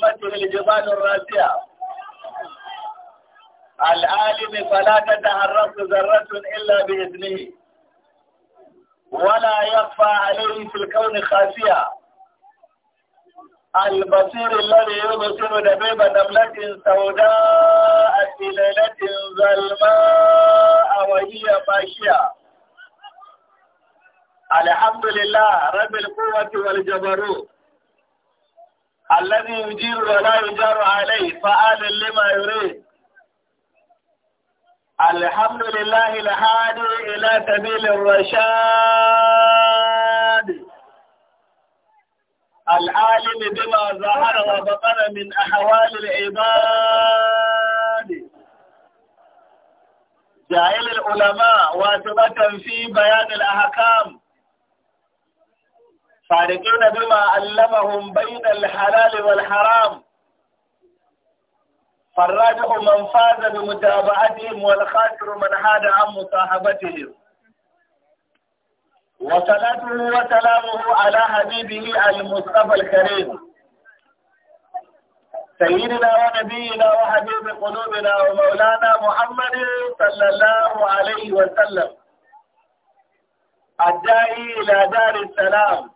تمثل الجبال الراسية العالم فلا تتحرك ذرة إلا بإذنه ولا يخفى عليه في الكون خافية البصير الذي يبصر دبيب نملة سوداء في ليلة ظلماء وهي ماشية الحمد لله رب القوة والجبروت الذي يجير ولا يجار عليه فآل لما يريد الحمد لله الهادي إلى سبيل الرشاد العالم بما ظهر وبطن من أحوال العباد جاهل العلماء واثبة في بيان الأحكام فارقين بما علمهم بين الحلال والحرام فالراجح من فاز بمتابعتهم والخاسر من حاد عن مصاحبتهم وصلاته وسلامه على حبيبه المصطفى الكريم سيدنا ونبينا وحبيب قلوبنا ومولانا محمد صلى الله عليه وسلم الداعي إلى دار السلام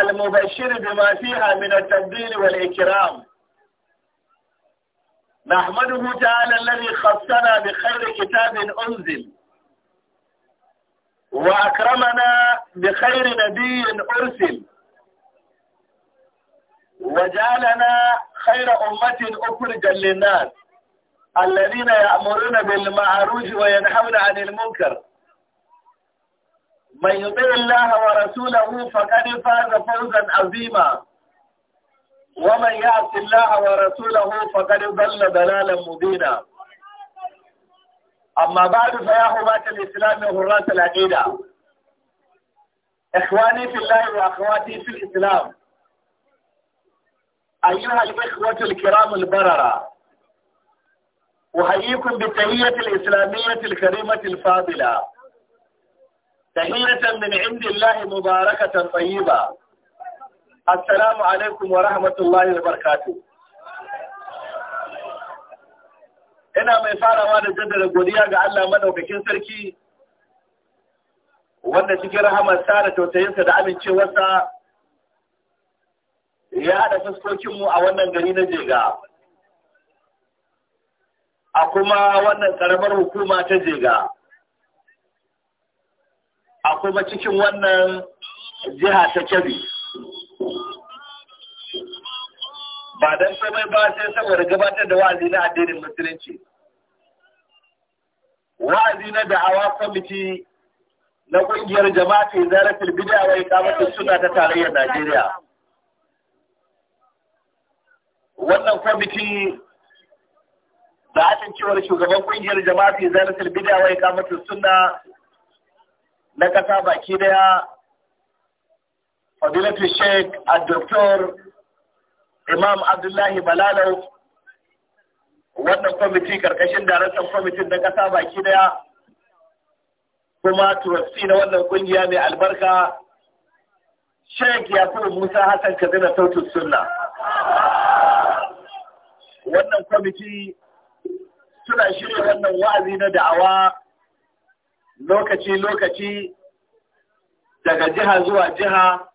المبشر بما فيها من التبديل والإكرام نحمده تعالى الذي خصنا بخير كتاب أنزل وأكرمنا بخير نبي أرسل وجعلنا خير أمة أخرجا للناس الذين يأمرون بالمعروف وينهون عن المنكر من يطع الله ورسوله فقد فاز فوزا عظيما ومن يعص الله ورسوله فقد ضل ضلالا مبينا أما بعد فيا حماة الإسلام وحراس العقيدة إخواني في الله وأخواتي في الإسلام أيها الإخوة الكرام البررة أحييكم بالتهية الإسلامية الكريمة الفاضلة تحية من Indillahi الله مباركة طيبة السلام wa ورحمة الله وبركاته ina mai farawa da jaddada godiya ga Allah maɗaukakin sarki wanda cikin rahamarsa da tausayinsa da amincewarsa ya haɗa fuskokinmu a wannan gari na jega a kuma wannan ƙaramar hukuma ta jega Akwai ba cikin wannan jiha ta kebbi ba don samai ba sai saboda gabatar da wa'azi na addinin musulunci wa'azi na da'awa kwamiti na ƙungiyar jama'a zarafin bid'a wai kamatin suna ta tarayyar najeriya wannan kwamiti da haɗin cewar shugaban ƙungiyar jama'a zarafin bid'a wai kamata suna na ƙasa baki daya fadilatu sheik a doktor imam abdullahi balalau wannan kwamiti karkashin daraktan kwamitin na ƙasa baki daya kuma turasti na wannan ƙungiya mai albarka sheik yakubu musa hassan kazina sautin sunna wannan kwamiti suna shirya wannan wa'azi na da'awa lokaci-lokaci daga jiha zuwa jiha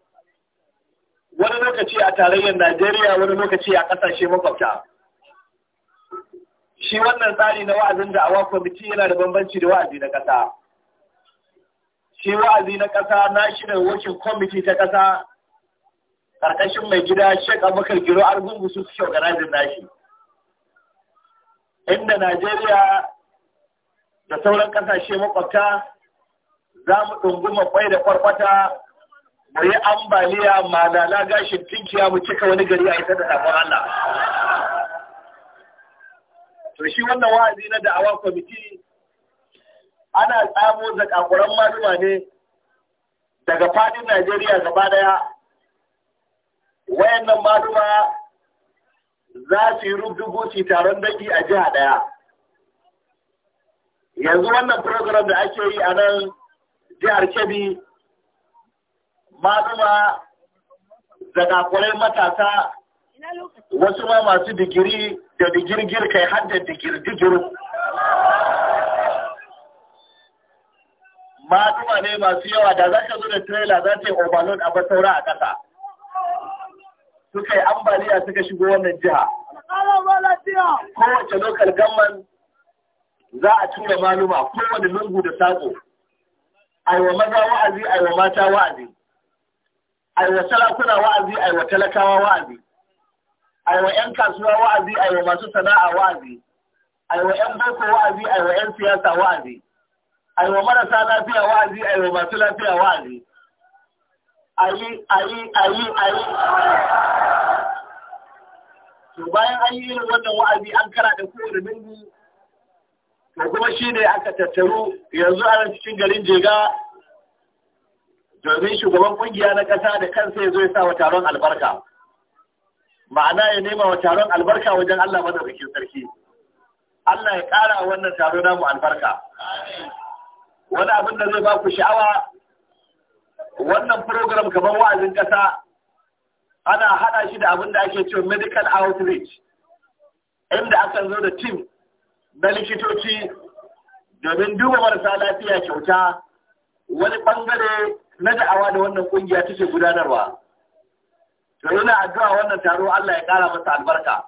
wani lokaci a tarayyar Najeriya wani lokaci a ƙasashe makwabta. Shi wannan tsari na wa'azin da awa kwamiti yana da bambanci da wa'azi na ƙasa. Shi wa'azi na ƙasa da wakil kwamiti ta ƙasa ƙarƙashin mai gida Sheikh Abubakar Giro Argungu su suke organizing nashi. Inda Najeriya da sauran kasashe makwabta za mu ɗunguma kwai da kwarkwata mu yi ambaliya malala gashin tinkiya mu cika wani gari a ita da sabon Allah. To shi wannan wa'azi na da'awa kwamiti ana tsamo zakakuran maluma ne daga fadin Najeriya gaba daya. Wayannan maluma za su yi rubdugu taron dangi a jiha daya. yanzu wannan program da ake yi a nan jihar kebbi maɗuma matasa wasu ma masu digiri da digirgir kai har da digirgigiru maɗuma ne masu yawa da za ka zo da trailer za ta yi overload a basaura a ƙasa suka yi ambaliya suka shigo wannan jiha kowace lokal gamman za a tura maluma kowane lungu da sako. aiwa maza wa'azi aiwa mata wa'azi aiwa sarakuna wa'azi aiwa talakawa wa'azi aiwa 'yan kasuwa wa'azi aiwa masu sana'a wa'azi aiwa 'yan boko wa'azi aiwa 'yan siyasa wa'azi aiwa marasa lafiya wa'azi aiwa masu lafiya wa'azi ayi ayi ayi ayi to bayan an yi irin wannan wa'azi an kara da kowane lungu da kuma shi ne aka tattaru yanzu ana cikin garin jega domin shugaban kungiya na kasa da kansa ya zo ya sa wa taron albarka ma'ana ya nema wa taron albarka wajen Allah madaukakin sarki Allah ya ƙara wannan taro namu albarka wani abin da zai ba ku sha'awa wannan program kamar wa'azin ƙasa ana hada shi da abin da ake cewa medical outreach inda akan zo da team na likitoci domin duba marasa lafiya kyauta wani bangare na da'awa da wannan ƙungiya take gudanarwa. To yana addu'a wannan taro Allah ya kara masa albarka.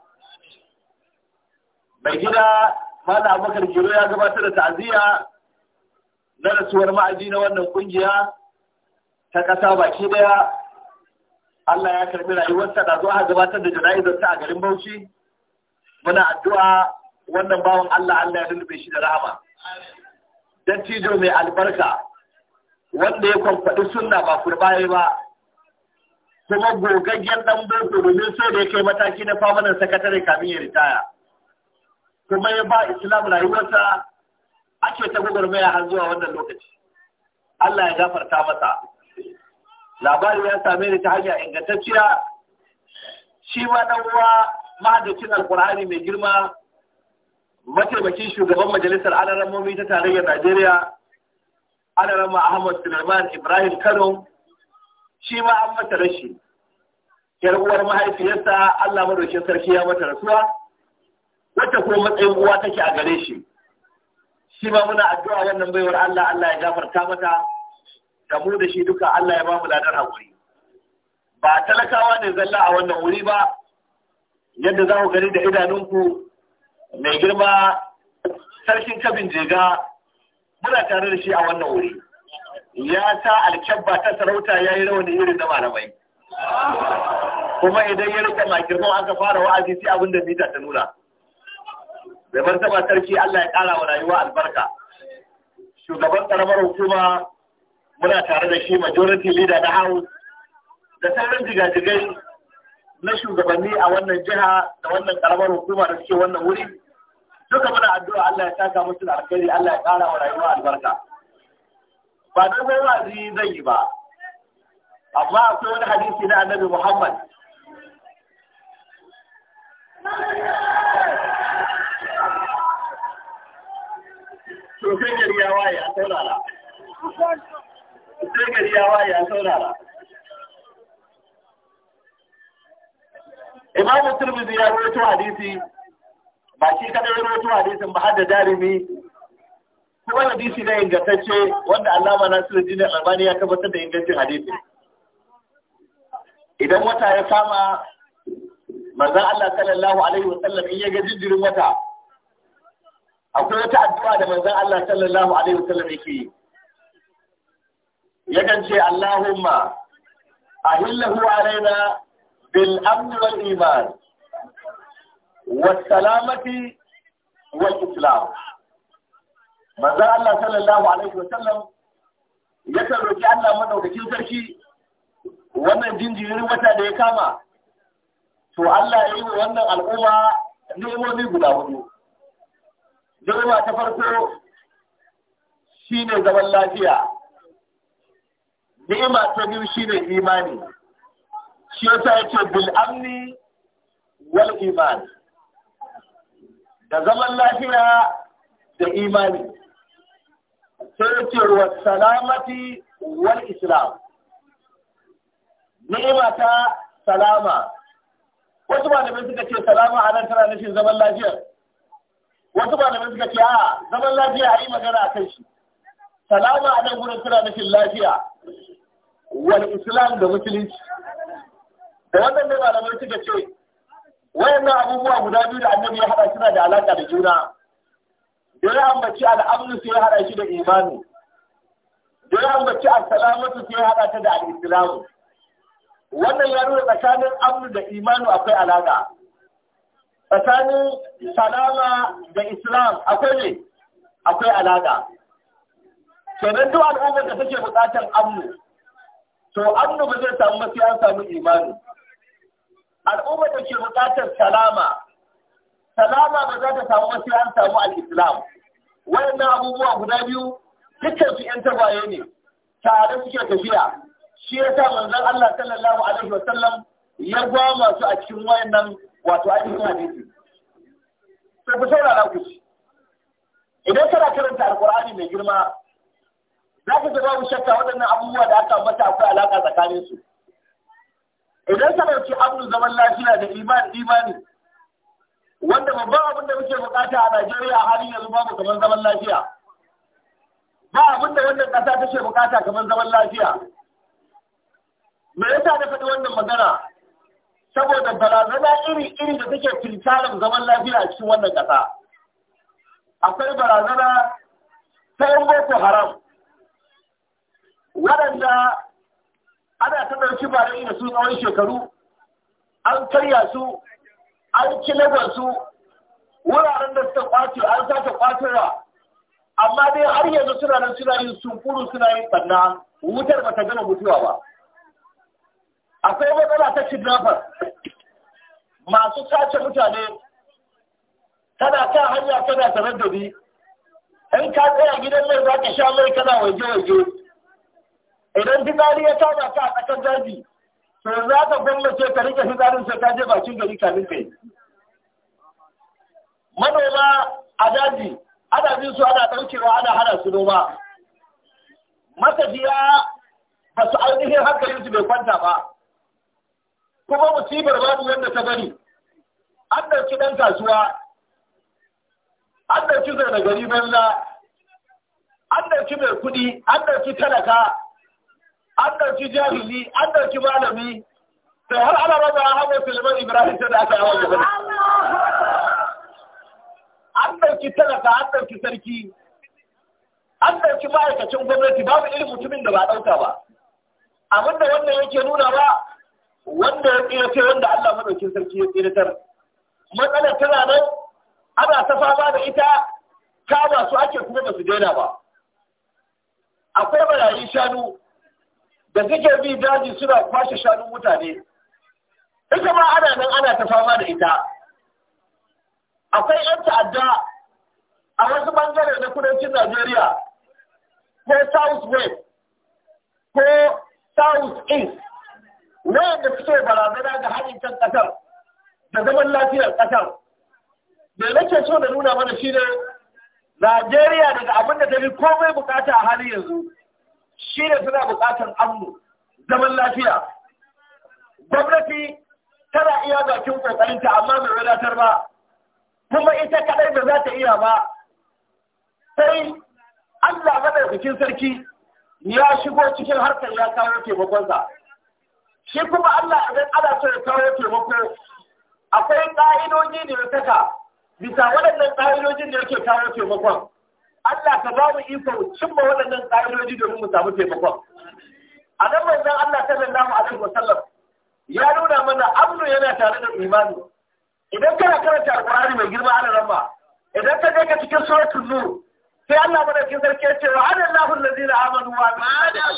Mai gida Malam Abubakar Giro ya gabatar da ta'aziyya na rasuwar ma'aji na wannan kungiya ta ƙasa baki ɗaya. Allah ya karɓi rayuwarsa da zuwa gabatar da jana'izarsa a garin Bauchi. Muna addu'a wannan bawan Allah Allah ya rufe shi da rahama dattijo mai albarka wanda ya kwamfaɗi sunna ba kurbaye ba kuma gogaggen ɗan boko domin so da ya kai mataki na famanan sakatare kamin ya ritaya kuma ya ba islam rayuwarsa ake ta gwagwarmaya har zuwa wannan lokaci Allah ya gafarta masa labari ya same ni ta hanya ingantacciya shi ma ɗan uwa mahadacin alkur'ani mai girma mataimakin shugaban majalisar alaramomi ta tarayyar Najeriya alarama Ahmad Sulaiman Ibrahim Kano shi ma an mata rashi yar uwar mahaifiyarsa Allah madaukin sarki ya mata rasuwa wata kuma matsayin uwa take a gare shi shi ma muna addu'a wannan baiwar Allah Allah ya gafarta mata da mu da shi duka Allah ya ba mu ladar hakuri ba talakawa ne zalla a wannan wuri ba yadda za ku gani da idanunku mai girma sarkin kabin jega muna tare da shi a wannan wuri ya sa alkyabba ta sarauta ya yi rawani irin na malamai kuma idan ya rika girma aka fara wa'azi sai abin da mita ta nuna bar taba sarki Allah ya kara wa rayuwa albarka shugaban karamar hukuma muna tare da shi majority leader na house da sauran jigajigai na shugabanni a wannan jiha da wannan karamar hukuma da suke wannan wuri duka muna addu'a Allah ya saka musu da alkhairi Allah ya ƙara wa rayuwa albarka ba da mai wazi zai yi ba amma akwai wani hadisi na Annabi Muhammad to gari ya waye a saurara sai gari ya waye a saurara imam tirmidhi ya rawaito hadisi ba shi kada ya rawaito hadisin ba Hadda Jarumi. darimi kuma hadisi na ingantacce wanda allama nasiruddin albani ya tabbatar da ingancin hadisi idan wata ya kama manzon Allah sallallahu alaihi wasallam in ya ga jinjirin wata akwai wata addu'a da manzon Allah sallallahu alaihi wasallam yake yi yakan ce Allahumma ahillahu alaina بالأمن والإيمان والسلامة والإسلام ماذا الله صلى الله عليه وسلم yakan roƙi Allah madaukakin sarki wannan jinjirin wata da ya kama to Allah ya yi wa wannan al'umma ni'imomi guda hudu Nima ta farko shine zaman lafiya Nima ta biyu shine imani shi sa yace bil amni wal iman da zaman lafiya da imani sai ce wa salamati wal islam ni'ima ta salama wasu malamai suka ce salama a nan tana nufin zaman lafiya wasu malamai suka ce a zaman lafiya a yi magana a kan shi salama a nan gurin tana nufin lafiya wal islam da musulunci da wannan ne malamai suka ce wayannan abubuwa guda biyu da annabi ya haɗa suna da alaƙa da juna da ya ambaci al'amnu sai ya haɗa shi da imani da ya ambaci assalamatu sai ya haɗa ta da al'islamu wannan ya nuna tsakanin amnu da imanu akwai alaƙa tsakanin salama da islam akwai ne akwai alaƙa kenan duk al'ummar da take buƙatar amnu to amnu ba zai samu sai an samu imani al'umma da ke buƙatar salama salama ba za ta samu wasu an samu al'islam wayannan abubuwa guda biyu dukkan su 'yan tabaye ne tare suke tafiya shi ya sa manzon Allah sallallahu alaihi wasallam ya gwama su a cikin wayannan wato ainihin hadisi sai ku saurara ku ci idan kana karanta alkur'ani mai girma za ka ga babu shakka waɗannan abubuwa da aka mata akwai alaƙa tsakanin su idan ka dauki abun zaman lafiya da imani imani wanda babban abin da muke bukata a Najeriya a halin yanzu babu kaman zaman lafiya ba abin da wannan kasa take bukata kamar zaman lafiya me yasa na faɗi wannan magana saboda barazana iri iri da take tintarin zaman lafiya a cikin wannan kasa akwai barazana ta yan boko haram waɗanda ana ta ɗauki ba da su tsawon shekaru an karya su an ci su wuraren da suka kwace an sake kwacewa amma dai har yanzu suna nan suna yin sunkuru suna yin ɓanna wutar ba ta gama mutuwa ba akwai matsala ta kidnapper masu sace mutane tana kan hanya tana da ni in ka tsaya gidan nan za ka sha mai kana waje-waje idan fitsari ya tada ka a tsakar daji to za ka gwamnace ka rike fitsarin sai ka je bakin gari kamin kai manoma a daji ana bin su ana ɗaukewa ana hana su noma matafiya ba su ainihin hankalin su bai kwanta ba kuma musibar babu wanda ta bari an ɗauki ɗan kasuwa an ɗauki zai gari banza an ɗauki mai kuɗi an ɗauki talaka an ɗauki jahili an ɗauki malami sai har ana raba a hanyar suleiman ibrahim ta da aka yi wajen an ɗauki talaka an ɗauki sarki an ɗauki ma'aikacin gwamnati babu irin mutumin da ba ɗauka ba abin da wannan yake nuna ba wanda ya tsira ce wanda Allah maɗaukin sarki ya tsiratar matsalar tana nan ana ta fama da ita kama su ake kuma ba su daina ba akwai barayin shanu da suke bi daji suna kwashe shanun mutane ita ma ana nan ana ta fama da ita akwai 'yan ta'adda a wasu bangare na kudancin Najeriya ko South West ko South East wayanda suke barazana ga haɗin kan ƙasar da zaman lafiyar ƙasar da nake so da nuna mana shi ne Najeriya daga abin ta bi komai bukata a hali yanzu shi ne suna bukatar amnu zaman lafiya gwamnati tana iya bakin ƙoƙarinta amma mai wadatar ba kuma ita kadai da za ta iya ba sai Allah madaukakin sarki ya shigo cikin harkar ya kawo taimakonsa shi kuma Allah idan ana so ya kawo taimako akwai ƙa'idoji da ya saka bisa waɗannan ƙa'idojin da yake kawo taimakon Allah ka ba mu iko cimma waɗannan ƙa'idoji domin mu samu taimakon a nan manzon Allah sallallahu alaihi wasallam ya nuna mana amnu yana tare da imani idan kana karanta alqur'ani mai girma ana ramba idan ka je ka cikin suratul nur sai Allah cikin sarki ya ce wa adallahu allazina amanu wa adallahu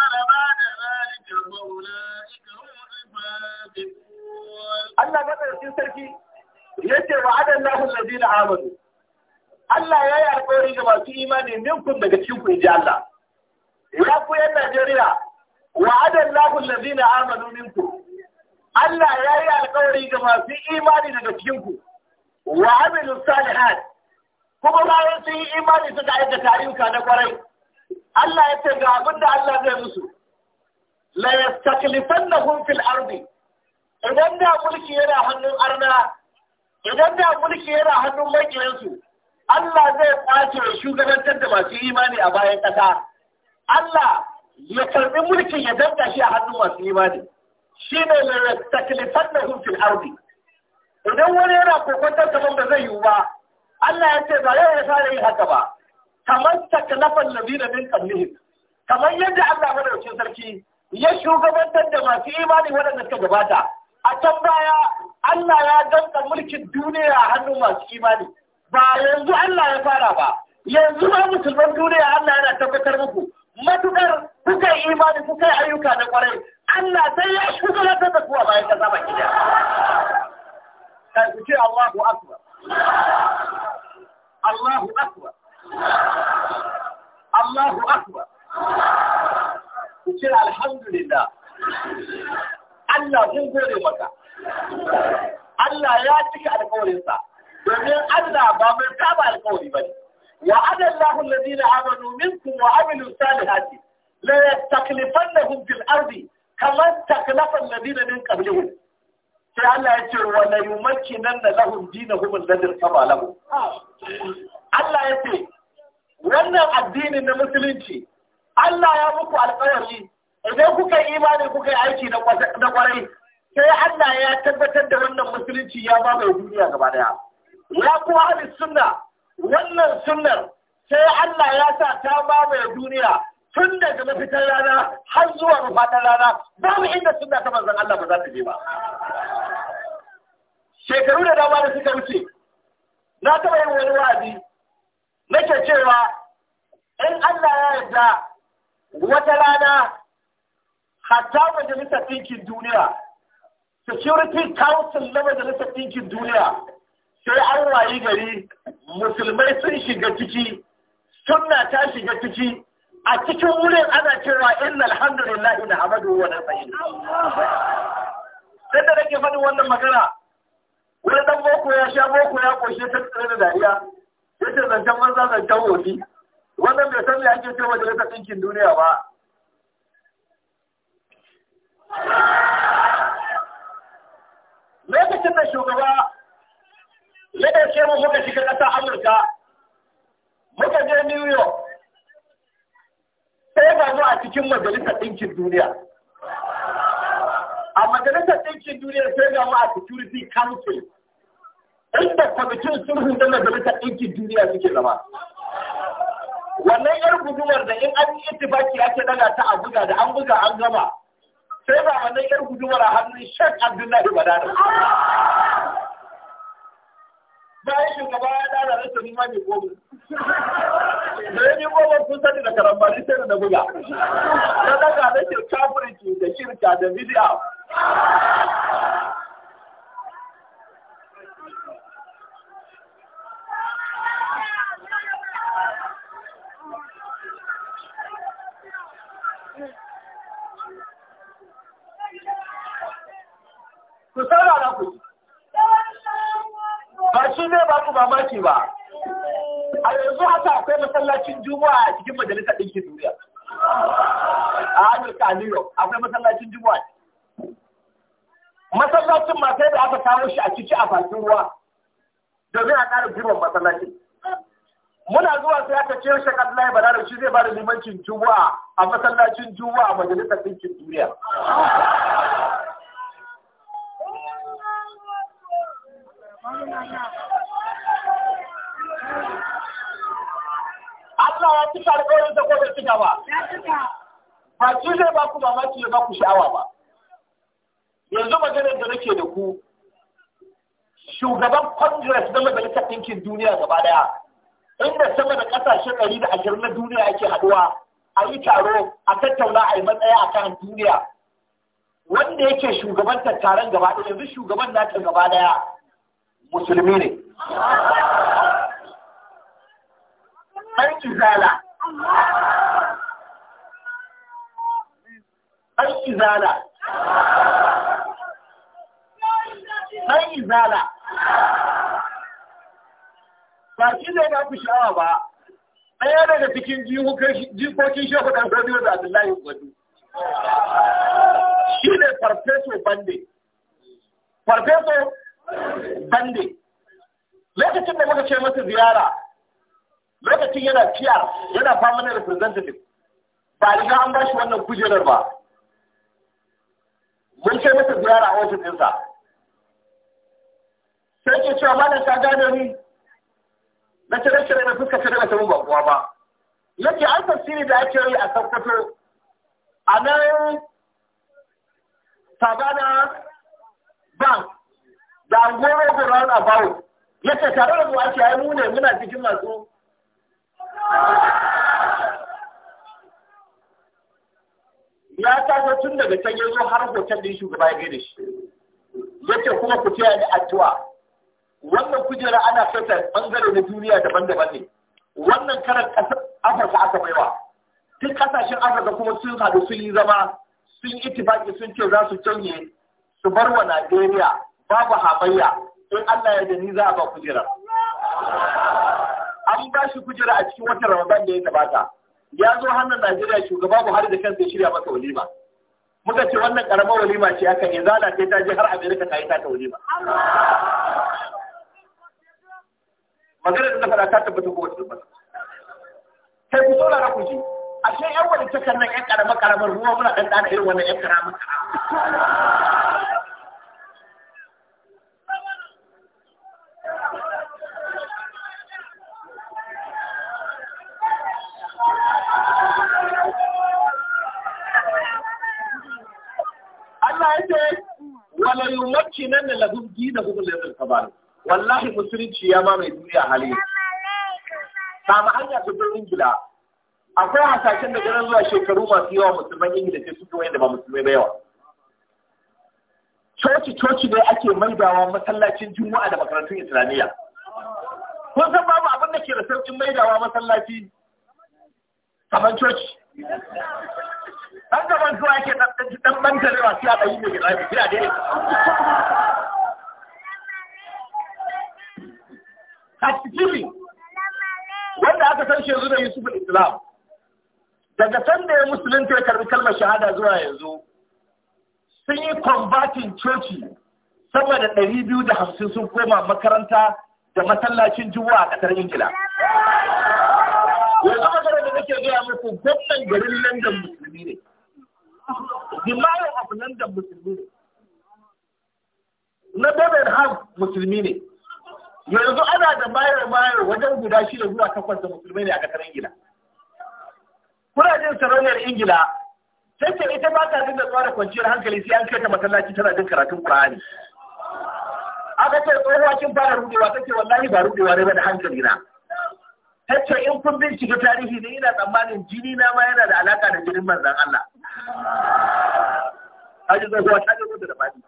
كفر بعد ذلك فأولئك هم الفاسقون الله بدر في سركي yace wa adallahu alladhina amanu Allah ya yi alƙawari ga masu imani minkum daga cikin ku ji Allah ya ku yan Najeriya wa adallahu alladhina amanu minkum Allah ya yi alƙawari ga masu imani daga cikin ku wa amilu salihat kuma bayan sun yi imani suka aikata ayyuka na kwarai Allah ya ce ga abin da Allah zai musu la na fil ardi idan da mulki yana hannun arna idan da mulki yana hannun makiyansu Allah zai kwace shugabantar da masu imani a bayan ƙasa Allah ya karɓi mulkin ya danka shi a hannun masu imani ne la na fil ardi idan wani yana kokon kaman ba zai yiwu ba Allah ya ce ba yau ya fara yin haka ba kamar takalafan ladina min qablihim kamar yadda Allah madaukakin sarki ya shugabantar da masu imani waɗanda suka gabata a can baya Allah ya danka mulkin duniya a hannun masu imani ba yanzu Allah ya fara ba yanzu ma musulman duniya Allah yana tabbatar muku matukar kuka yi imani kuka yi ayyuka na kwarai Allah sai ya shugabantar da kuwa bayan kasa baki da kai ku ce Allahu akbar Allahu akbar Allahu Akbar. Ku ce alhamdulillah. Allah mun gode maka. Allah ya cika alkawarinsa. Domin Allah ba mai saba alkawari ba ne. Wa adallahu alladhina amanu minkum wa amilu salihati la yastaklifannahum fil ardi kama taklafa alladhina min qablihim. Sai Allah ya ce wa na yumakkinanna lahum dinahum alladhi na lahum. addinin na musulunci Allah ya muku alƙawari idan kuka yi imani kuka yi aiki na kwarai sai Allah ya tabbatar da wannan musulunci ya ba mai duniya gaba daya ya kuma ahli sunna wannan sunnar sai Allah ya sa ta ba mai duniya tun daga mafitar rana har zuwa mafaɗar rana babu inda suna ta manzon Allah ba za ta je ba shekaru da dama da suka wuce na taɓa yin wani wa'azi nake cewa in Allah ya yarda wata rana hatta majalisar ɗinkin duniya security council na majalisar ɗinkin duniya sai an wayi gari musulmai sun shiga ciki sunna ta shiga ciki a cikin wurin ana cewa inna alhamdulillah ina hamadu wa nasayin sai da nake faɗin wannan magana wani dan boko ya sha boko ya koshe ta tsare da dariya yace zancen zan zancen wofi wannan bai san me ake cewa majalisar ɗinkin duniya ba lokacin da shugaba ya ɗauke mu muka shiga ƙasa amurka muka je new york sai ba mu a cikin majalisar ɗinkin duniya a majalisar ɗinkin duniya sai ga mu a security council inda kwamitin sulhun da majalisar ɗinkin duniya suke zama wannan yar gudumar da in an yi ittifaki ya ce daga ta a buga da an buga an gama sai ba wannan yar gudumar a hannun shek abdullahi ba bayan shugaba ya dara rasa nima ne goma da ya ne ba sun sani da karambari sai da buga ta daga na kafirci da shirka da bidi'a. masallacin juma'a a cikin majalisar ɗinkin duniya a amurka a new york akwai masallacin juma'a masallacin ma sai da aka kawo shi a ciki a bakin ruwa domin a ƙara girman masallacin muna zuwa sai aka ce shi kan lai balarar shi zai ba da limancin juma'a a masallacin juma'a majalisar ɗinkin duniya mamaki ba ku sha'awa ba yanzu maganar da nake da ku shugaban congress na majalisar ɗinkin duniya gaba daya inda sama da ƙasashen ɗari da ashirin na duniya ake haɗuwa a yi taro a tattauna a yi matsaya a kan duniya wanda yake shugaban taron gaba ɗaya yanzu shugaban nata gaba daya musulmi ne ɗan izala ɗan izala ɗan izala ba shi ne na ku sha'awa ba ɗaya daga cikin jikokin shehu ɗan gado da abdullahi gwadu shi ne farfeso bande farfeso bande lokacin da muka ce masa ziyara lokacin yana ciyar yana permanent representative ba riga an ba shi wannan kujerar ba mun kai masa ziyara a ofis ɗinsa sai ke cewa da ta gane ni na cire cire na fuska cire ta samun ba ba yake an tafsiri da ake yi a Sokoto a nan Savannah Bank da Angoro da Round yake tare da mu ake yi mu muna cikin masu ya taso tun daga can ya zo har hotel din shugaba ya gaida shi ce kuma ku taya ni addu'a wannan kujera ana sata bangare na duniya daban-daban ne wannan karan afirka aka baiwa Tun kasashen afirka kuma sun haɗu sun yi zama sun yi itifaki sun ce za su canye su bar wa najeriya babu hamayya in allah ya ni za a ba kujera an ba shi kujera a cikin watan ramadan da ya gabata ya zo hannun Najeriya shugaba Buhari da kansa shirya masa walima muka ce wannan karamar walima ce aka izala sai ta je har Amerika ta yi ta walima maganar da faɗa ta tabbata ko wata Sai ku saurara ku ji ashe yan wani takan nan yan karamar karamar ruwa muna ɗanɗana irin wannan yan karamar yace wala yumakkinan da lahum da alladhi tabara wallahi musulunci ya ma mai duniya hali ta ma hanya ta don ingila akwai hasashen da ganin zuwa shekaru masu yawa musulman ingila sai suke yadda ba musulmai ba yawa coci coci ne ake maidawa masallacin juma'a da makarantun islamiyya kun san babu abin da ke da sauƙin maidawa masallaci kamar coci an gaban zuwa yake dan ban tarewa sai a ɗayi mai rabi kira dai Hatsikiri wanda aka san shi yanzu da Islam daga san da ya musulunta ya karbi kalmar shahada zuwa yanzu sun yi kwambatin coci sama da ɗari biyu da hamsin sun koma makaranta da masallacin juwa a ƙasar Ingila. Yanzu magana da nake gaya muku gwamnan garin London musulmi ne. Zimarin abu nan da musulmi ne. Na David Ham musulmi ne. Yanzu ana da bayar-bayar wajen guda shida zuwa takwas da musulmi ne a ƙasar Ingila. Kuna jin sarauniyar Ingila sai ce ita ba ta jin da da kwanciyar hankali sai an kai ta masallaci tana jin karatun ƙur'ani. Aka ce tsohuwa kin fara rudewa take wallahi ba rudewa ne ba da hankali na. hatta in kun bincika tarihi ne ina tsammanin jini na ma yana da alaka da jinin manzan Allah haji zai kuwa ta gudu da fadi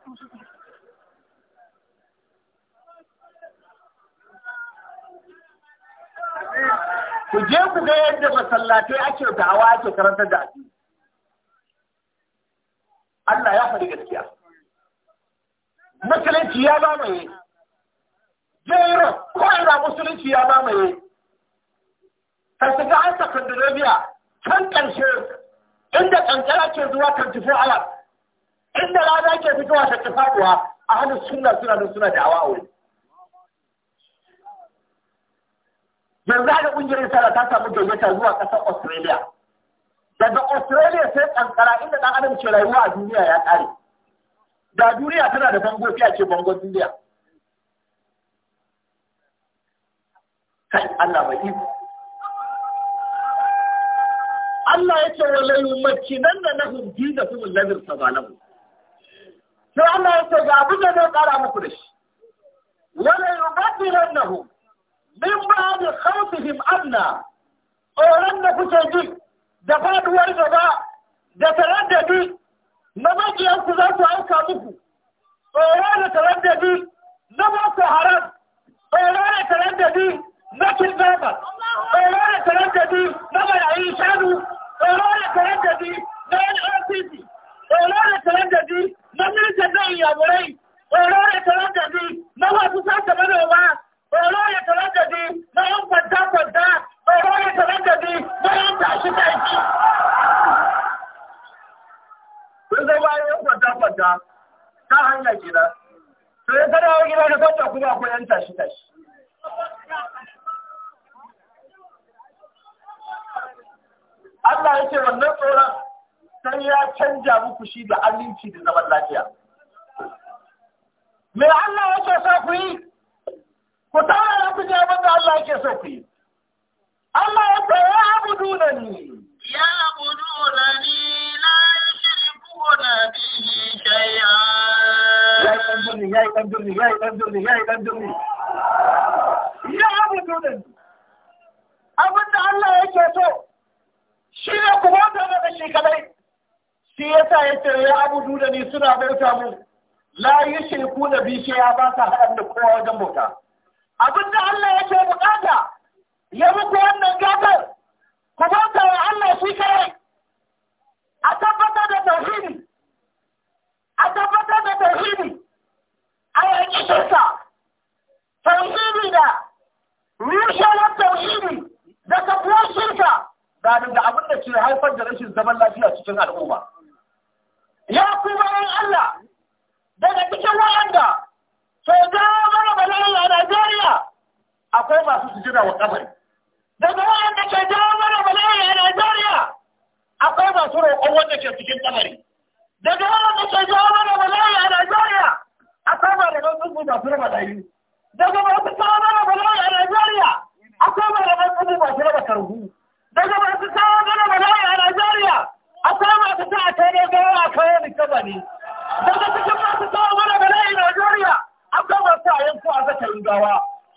ku je ku ga yadda masallatai ake da'awa ake karantar da addini Allah ya faɗi gaskiya musulunci ya mamaye jero ko ina musulunci ya mamaye ka shiga har Scandinavia can ƙarshe inda ƙanƙara ke zuwa kan tafi alam inda rana ke fitowa ta tafi kuwa a hannun suna suna da suna da awa wuri. Yanzu haka ƙungiyar sara ta samu gayyata zuwa ƙasar Australia. Daga Australia sai ƙanƙara inda ɗan adam ke rayuwa a duniya ya ƙare. Da duniya tana da bango fiya ce bangon duniya. Kai Allah mai iko. الله يتوى لا يمكنن لهم دينهم الذي ارتضى لهم سوى الله يتوى عبد الله قال عن قريش ولا يبدلنهم من بعد خوفهم أمنا أولن فسيدي دفاد ويزباء دترددي ما بجي أنك ذات أنك أمك أولن ترددي نبوك حرام أولن ترددي نكل بابا أولن ترددي نبوك عيشانه tsoro da taraddadi na NRCC, tsoro da taraddadi na Mirka Zan Yamurai, manoma, kwanta-kwanta, tashi zama kwanta-kwanta ta hanyar gida. Sai ka dawo gida ka sauta kuma akwai yan tashi-tashi. Allah ya ce wannan tsoron sai ya canja muku shi da aminci da zaman lafiya. Me Allah yake so ku yi? Ku tara ya fi abin da Allah yake so ku yi. Allah ya ce ya abudu na ni. Ya abudu na ni na shirku na bihi shayya. Ya yi ɗan durni, ya yi ɗan durni, ya yi ɗan durni, ya yi ɗan durni. Ya abudu na ni. Abin da Allah yake so shi ne ku ta masa shi kadai shi yasa ya tere ya abu da ne suna bauta mu la yushriku da bishe ya ba sa haɗa da kowa wajen bauta abinda Allah ya yake bukata ya muku wannan gatar ku bauta wa Allah shi kai a tabbatar da tauhidi a tabbatar da tauhidi a yanki shirka tauhidi da na tauhidi da kafuwar shirka ga da abin da ke haifar da rashin zaman lafiya cikin al'umma ya ku bayan Allah daga cikin wa'anda ke jawo mana bala'i a Najeriya akwai masu sujira wa kabari daga wa'anda ke jawo mana bala'i a Najeriya akwai masu roƙon wanda ke cikin kabari daga wa'anda ke jawo mana bala'i a Najeriya akwai malaman tsubu masu raba ɗari daga masu jawo mana bala'i a Najeriya akwai malaman tsubu masu raba karhu daga masu sawa gana bala'i a Najeriya a sama ta ta a tare gawa a kayan rikabani daga cikin masu sawa gana bala'i a Najeriya an kama su a yanku a zakarin gawa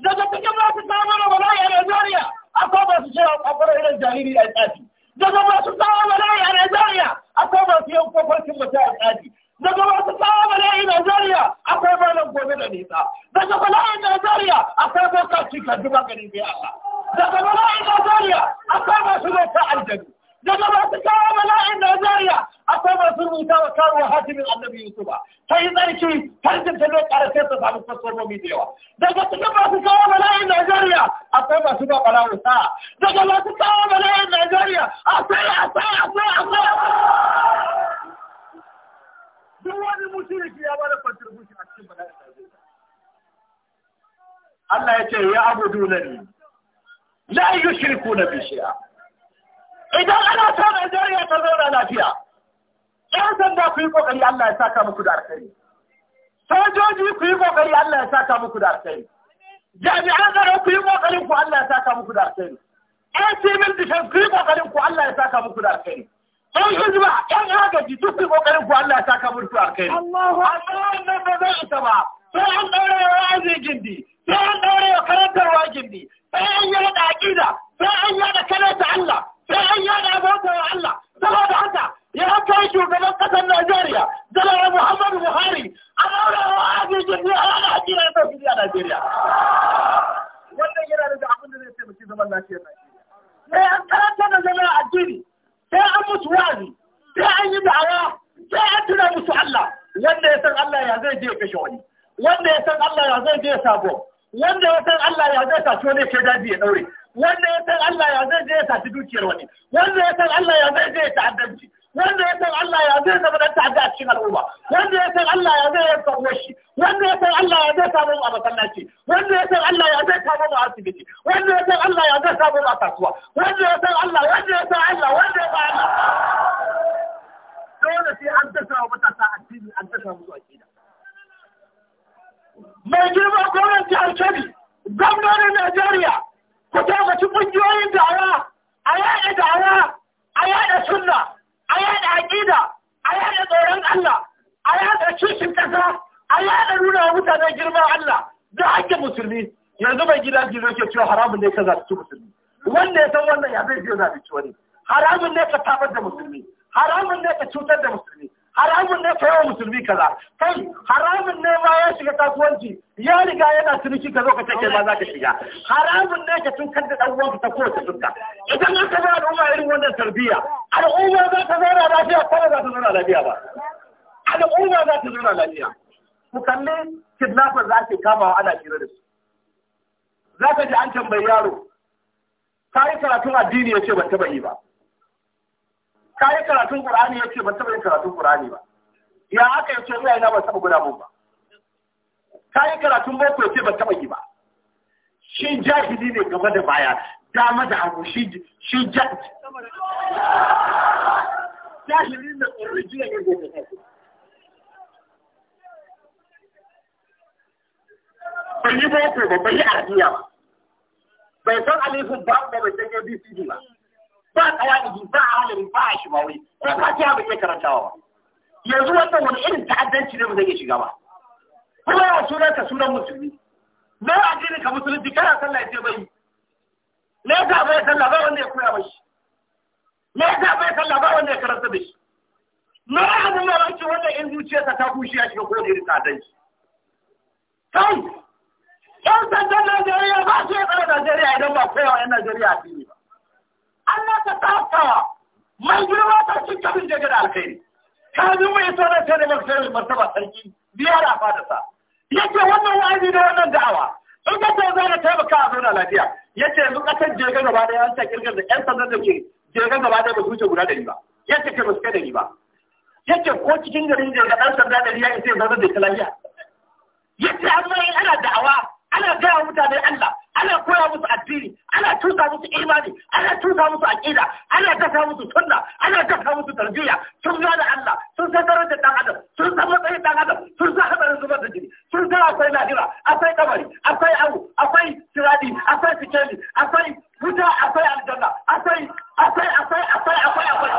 daga cikin masu sawa gana bala'i a Najeriya an kama su cewa kwakwarar irin jariri a tsafi daga masu sawa bala'i a Najeriya an kama su yanku farkin mutum a tsafi daga masu sawa bala'i a Najeriya akwai malam gobe da nisa daga a Najeriya akwai bokaci kan duba ganin bai Allah daga bala'in Najeriya akwai masu bauta aljanu daga masu kawo bala'in Najeriya akwai masu rubuta wa kawo hatimin annabi Yusufa ta yi tsarki har da ta zai ƙara sai ta samu fasfarmomi da yawa daga cikin masu kawo bala'in Najeriya akwai masu ba bala'in sa'a daga masu kawo bala'in Najeriya akwai akwai akwai akwai duk wani mushriki ya bada contribution a cikin bala'in Najeriya Allah ya ce ya abu dunani la yushriku na bishiya idan ana ta Najeriya ta zauna lafiya ƴan sanda ku yi kokari Allah ya saka muku da alkhairi sojoji ku yi kokari Allah ya saka muku da alkhairi jami'an tsaro ku yi kokarin ku Allah ya saka muku da alkhairi ƴan civil defense ku yi kokarin ku Allah ya saka muku da alkhairi ƴan hizba ƴan agaji duk ku yi kokarin ku Allah ya saka muku da alkhairi amma wannan ba zai isa ba sai an ɗaure wa wa'azi gindi sai an ɗaure wa karantarwa gindi sai an yada aƙida sai an yada karanta Allah sai an yada abota wa Allah saboda haka ya kai shugaban ƙasar Najeriya Janar Muhammadu Buhari an ɗaure wa wa'azi gindi a yada aƙida ta tafiya Najeriya. Wannan yana daga abin da zai taimaki zaman lafiyar Najeriya. Sai an karanta da zama addini sai an mutu wa'azi sai an yi da'awa sai an tuna musu Allah wanda ya san Allah ya zai je ya kashe wani. wanda ya san Allah ya zai je sabo wanda ya san Allah ya zai sace wani ke daji ya daure wanda ya san Allah ya zai je ya dukiyar wani wanda ya san Allah ya zai je ya ta'addanci wanda ya san Allah ya zai zama dan ta'adda a cikin al'umma wanda ya san Allah ya zai yanka washi wanda ya san Allah ya zai samu a masallaci wanda ya san Allah ya zai samu a asibiti wanda ya san Allah ya zai samu a kasuwa wanda ya san Allah wanda ya san Allah wanda ya san Allah dole sai an dasa wa matasa addini an dasa musu ke mai girma gwamnan jihar Kebbi, gwamnonin Najeriya, ku taimaki ƙungiyoyin dawa, a yaɗa dawa, a yaɗa sunna, a yaɗa aƙida, a yaɗa tsoron Allah, a yaɗa kishin ƙasa, a yaɗa nuna wa mutane girman Allah, da hakkin musulmi. Yanzu mai gida gizo ke cewa haramun ne ka zaɓi musulmi. Wanda ya san wannan ya zai biyo zaɓi wani. Haramun ne ka tabar da musulmi. Haramun ne ka cutar da musulmi. haramun ne ka yi wa musulmi kaza kai haramun ne ma ya shiga kasuwanci ya riga yana ciniki ka zo ka take ba za ka shiga haramun ne ka tunkar da ɗan ta kowace tukka idan an ka zara al'umma irin wannan tarbiyya al'umma za ta zara lafiya ko ba za ta zara lafiya ba al'umma za ta zara lafiya ku kalli kidnapper za ta kama ana jira da su za ka ji an tambayi yaro Ta yi karatun addini ya ce ban taɓa yi ba ka yi karatun Qur'ani yace ban taɓa yin karatun Qur'ani ba ya aka yace ina ina ban taɓa guda mun ba ka yi karatun boko yace ban taɓa yi ba shi jahili ne gaba da baya dama da hagu shi shi jahili ne original ne da bai yi boko ba bai yi arabiya ba bai san alifin ba ba bai san abcd ba ba kawai ba halin ba shi ba wai ko fatiha bai iya karantawa ba yanzu wannan wani irin ta'addanci ne ba zai iya shiga ba kuma ya sunan ka sunan musulmi na addini ka musulunci kana sallah ya ce bai ne ka bai sallah ba wanda ya koya ba shi ne ka bai sallah ba wanda ya karanta da shi na abin mamaki wanda in zuciyarsa ta kushi ya shiga ko da irin ta'addanci kai yan sandan Najeriya ba su ya tsara Najeriya idan ba koyawa yan Najeriya addini Allah ta tsaka mai girma sarkin kafin jaga da alkhairi kafin mai sanar ta da martaba martaba sarki biyar a fadasa. yake wannan wa'azi da wannan da'awa in ka ta zana taimaka a zauna lafiya yake yanzu kasar jirgin gaba da yan kirgar da yan sandar da ke jirgin gaba da ba su wuce guda ɗari ba yake ke su kai ɗari ba yake ko cikin garin jirgin ɗan sanda ɗari ya isa ya zauna da ke lafiya yake mai ana da'awa ana gaya mutane Allah ana koya musu addini ana tusa musu imani ana tusa musu aqida ana dafa musu sunna ana dafa musu tarbiyya sun da Allah sun san darajar dan adam sun san matsayin dan adam sun san hadarin zubar da jini sun san akwai lahira akwai kabari akwai awu akwai siradi akwai sikeli akwai wuta akwai aljanna akwai akwai akwai akwai akwai akwai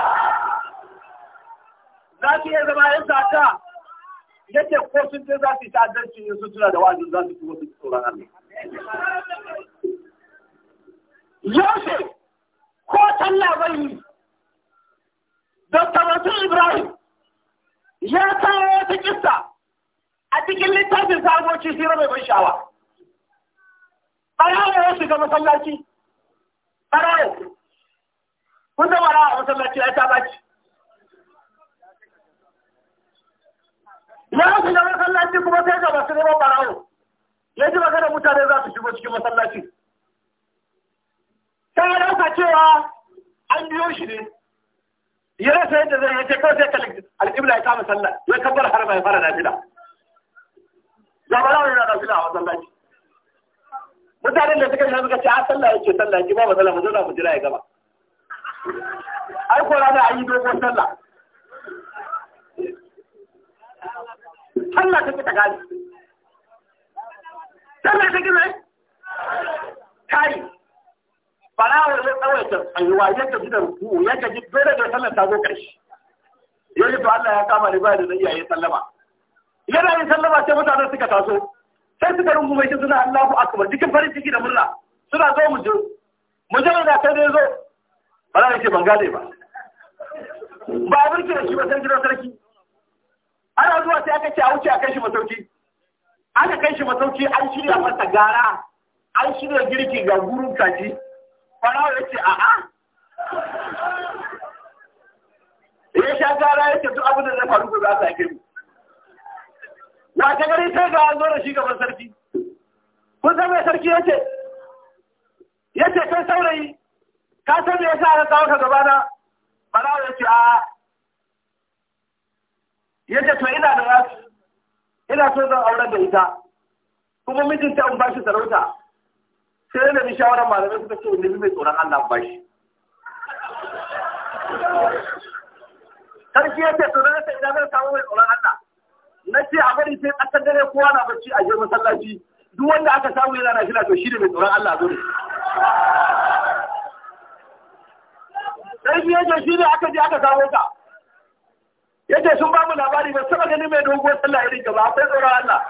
za ki iya zama yin sata yadda ko sun ce za su yi ta'addanci ne sun tuna da wa'azin za su kuma su tsoron Allah. Yaushe ko talla labari, yi, Dr. Rasul Ibrahim ya kawo wata kista a cikin littafin sabonci hira mai ban sha'awa. Ɓarawo ya shiga masallaci, ɓarawo, kun zama rawa masallaci ya ta baci. ya shiga masallaci kuma sai ga masu neman barawo ya ji magana mutane za su shigo cikin masallaci sai ya rasa cewa an biyo shi ne ya rasa yadda zai yace kawai sai alƙibla ya kama sallah ya kabbar har bai fara nafila ga barawo yana nafila a masallaci mutanen da suka shi suka ce a ah, sallah yake sallah ki ba matsala mu zauna mu jira ya gaba ai ko rana ayi dogon sallah sallah take ta gane sallah take ne kai balawar ya tsawaita tsayuwa ya gaji da ruku ya gaji dole da sallar ta zo ƙarshe ya ji to Allah ya kama ni ba da zai iyaye sallama yana yin sallama sai mutane suka taso sai suka rungu mai shi suna Allahu akbar cikin farin ciki da murna suna zo mu je mu je da kai dai zo bala ne ce ban gane ba ba abin da shi ba sai gidan sarki ana zuwa sai aka ce a wuce a kai shi masauki aka kai shi masauki an shirya masa gara an shirya girki ga gurin kaji farawa ya ce a'a ya sha gara ya ce duk abin da zai faru ko za su ake mu na ta gari sai ga an zo da shi gaban sarki kun san mai sarki ya ce ya ce kai saurayi ka san me yasa aka kawo ka gabana farawa ya ce a'a ya ce to ina da rasu ina so zan aure da ita kuma mijinta in ba shi sarauta sai yana bi shawarar malamai suka ce ni mai tsoron Allah ba shi sarki ya ce to na sai ina zan samu mai tsoron Allah na ce a bari sai tsakar dare kowa na bacci a je masallaci duk wanda aka samu yana na shida to shi ne mai tsoron Allah zo ne sai biye shi ne aka je aka samu ka yace sun ba mu labari ba saba gani mai dogon tsalla irin gaba sai tsoron Allah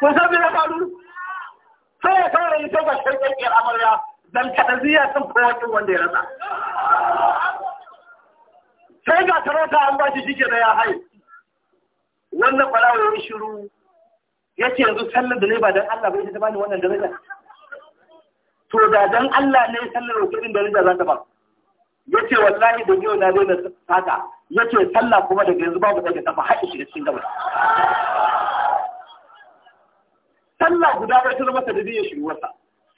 kun san me ya faru sai ya fara yi sai ga shirkin amarya dan ta'aziyya sun fi wani wanda ya rasa sai ga sarauta an ba shi shike da ya hai wannan fara wani shiru yace yanzu sallar da ne ba dan Allah ba ita ta bani wannan darajar. to da dan Allah ne sallar wakilin da rija za ta ba yace wallahi da yau na daina sata yace sallah kuma daga yanzu babu daga kafa haɗe shi cikin gabas. sallah guda ba ta masa da zai shigo wasa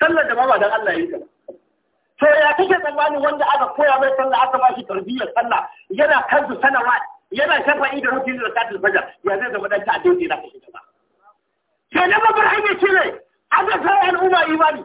sallar da ma ba dan Allah ya yi ta to ya kake tsammanin wanda aka koya mai sallah aka ba shi tarbiyyar sallah yana kanzu sanawa yana shafa'i da rukun da katul fajar ya zai zama dan ta'addi ne na kashe gaba sai na babar hanyar shi ne a aka sai al'umma imani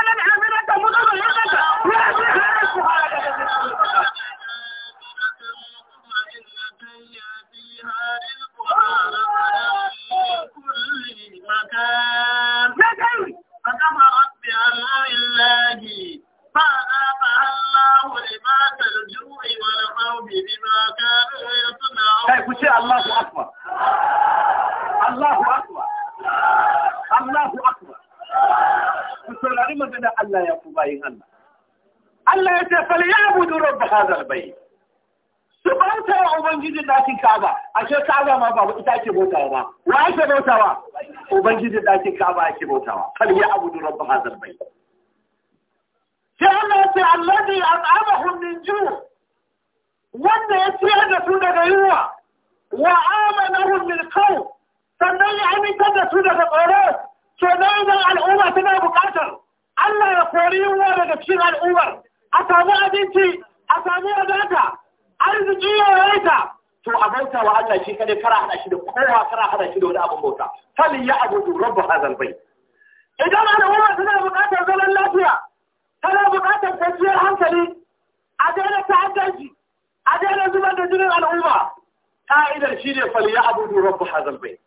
Allahu Akbar. Allahu Akbar. Allahu Akbar. ku saurari magana Allah ya kuma yin Allah Allah ya ce fal ya budu rabb hadal bayt su bauta wa ubangijin dakin kaba, ashe kaba ma ba ita ake bautawa ba wa ake bautawa ubangijin dakin kaba ake bautawa fal ya budu rabb hadal bayt sai Allah ya ce alladhi an'amahum min ju' wanda ya ciyar da su daga yunwa wa amanahum min khawf sannan ya aminta da su daga tsoro kenan idan al'umma tana buƙatar Allah ya kori yunwa daga cikin al'ummar a samu abinci a samu wadata arziki ya yawaita to a bauta wa Allah shi kadai kara hada shi da kowa kara hada shi da wani abin bauta fali ya abu abudu rabbu hazal bayt idan al'umma tana buƙatar zaman lafiya tana buƙatar kwanciyar hankali a daina ta'addanci a daina zubar da jinin al'umma ka'idar shi ne fali ya abudu rabbu hazal bayt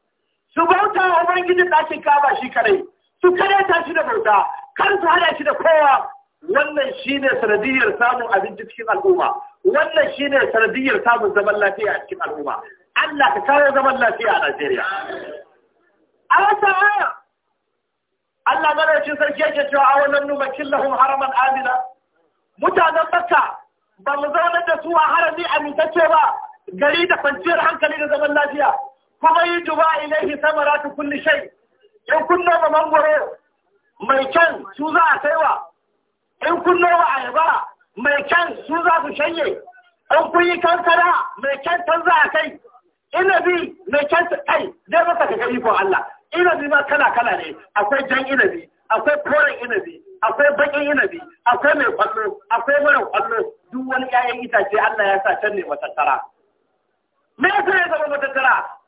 su bauta wa ubangijin ɗakin kaba shi kadai su kare ta shi da bauta kar su hada shi da kowa wannan ne sanadiyar samun abinci cikin al'umma wannan ne sanadiyar samun zaman lafiya a cikin al'umma Allah ka kawo zaman lafiya a Najeriya a wata aya Allah madaukakin sarki yake cewa a wannan numakin killahun haraman amina mutanen Makka ba mu zauna da su a harami amintacce ba gari da kwanciyar hankali da zaman lafiya kuma yi juba ilaihi samaratu kulli shay in kun ma mangoro mai kan su za a saiwa in kun wa ayaba mai kan su za su shanye in kun yi kankara mai kan tan za a kai inabi mai kyan kai dai masa ka gani ko Allah inabi ma kala kala ne akwai jan inabi akwai koren inabi akwai bakin inabi akwai mai kwallo akwai mara kwallo duk wani 'ya'yan itace Allah ya sa can ne matattara me yasa ya zama matattara